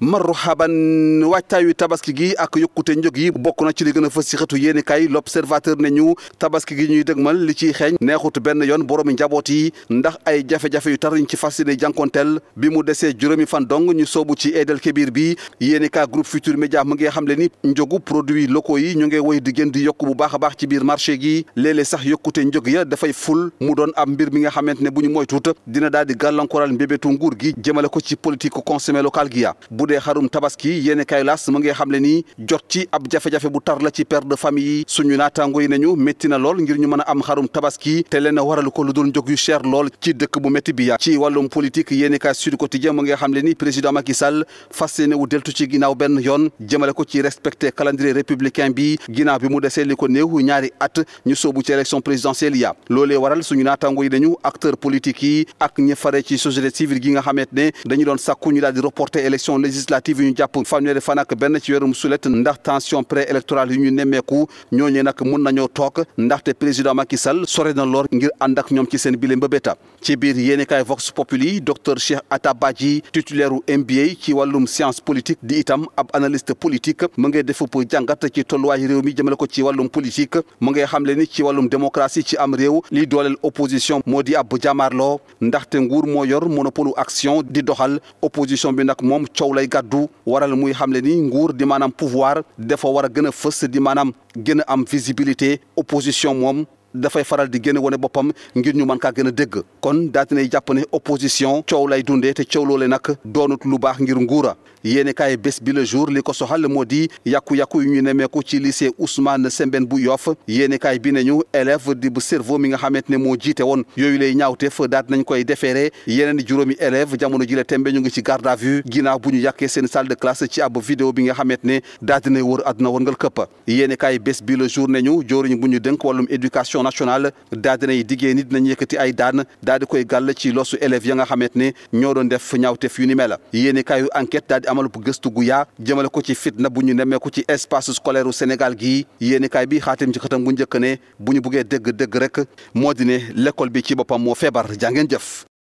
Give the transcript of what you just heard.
marhaban waajtaayu tabaski gi ak yokkute njëg yi bokk na ci li gën a fës ci xëtu yéeni kay l'observateur ne ñu tabaski gi ñuy mal li ciy xeeñ neexut benn yoon boroomi njaboot yi ndax ay jafe-jafe yu tar ñu ci fas yéene jànkonteel bi mu desee juróomi fan dong ñu soobu ci Eidel Kébir bi yéeni ka groupe Futur Média mu ngi xam le ni njëgu produit locaux yi ñu ngi woy di gën di yokk bu baax a baax ci biir marché gi léeg sax yokkute njëg ya dafay ful mu doon am mbir mi nga xamante ne bu ñu moytuut dina daal di gàllankooral mbébétu nguur gi jëmale ko ci politique consommé local gi ya dee xarum tabaski yéeni kay laas mu ngi xam le jot ci ab jafe-jafe bu tar la ci père de famille yi suñu naataango yi nañu métti na lool ngir ñu a am xarum tabaski te leen waralu ko lu dul njog yu cher lool ci dëkk bu métti bi ya ci wàllum politique yéeni kay Sud Quotidien mu ngi xam le ni président Macky Sall fas yéene wu deltu ci ginnaaw benn yoon jëmale ko ci respecté calendrier républicain bi ginnaaw bi mu desee li ko néew ñaari at ñu soobu ci élection présidentielle yi nañu acteur politique yi ak ñi fare législative yi ñu jàpp fanweeri fan ak benn ci weerum sulet ndax tension préélectorale yi ñu nemmeeku ñooñu nag mun nañoo toog ndaxte président Macky Sall sore na loor ngir ànd ñoom ci seen bile mbëbëta ci biir yéenekaay Vox Populi docteur Cheikh Atta Badji titulaire u MBA ci wàllum science politique di itam ab analyste politique mu ngi def pour jàngat ci tolluwaay réew mi jëmale ko ci wàllum politique mu ngi xamle ni ci wàllum démocratie ci am réew li dooleel opposition moo di ab jàmmaarloo ndaxte nguur moo yor monopole action di doxal opposition bi lay gàddu waral muy xamle ni nguur di maanaam pouvoir dafa war a gën a fës di maanaam gën a am visibilité opposition moom dafay faral di génne wane boppam ngir ñu man kaa gën a dégg kon daa dinay jàpp ne opposition coow lay dundee te coow loole nag doonut lu baax ngir nguura yéeni kaay bés bi le jour li ko soxal moo di yàkku-yàkku yu ñu nemeeku ci lycée Ousmane Sembène bu Yoff yéeni bi nañu élève di bu cerveau mi nga xamante ne moo jiite woon yooyu lay ñaawteef daat nañ koy defeere yeneen juróomi élève jamono ji la tembe ñu ngi ci garde à vue ñu yàkkee seen salle de classe ci ab bi nga xamante ne daa dinay wër àdduna wërngal këpp yéeni kaay bés bi le jour nañu jóoriñ bu ñu dënk wàllum éducation nationale daal dinay diggée ni dinañ yëkkati ay daan daal di koy gàll ci losu élèves ya nga xamante ne ñoo doon def ñaawteef yu ni mel yéeni kaayu enquête daal di amal bu gëstu gu yaa jëmale ko ci fitna bu ñu nemmeeku ci espace scolaire u Sénégal gii yéeni kaay bi xaatim ci xëtam gu njëkk ne bu ñu buggee dëgg dëgg rek moo di ne bi ci boppam moo feebar jàngeen jëf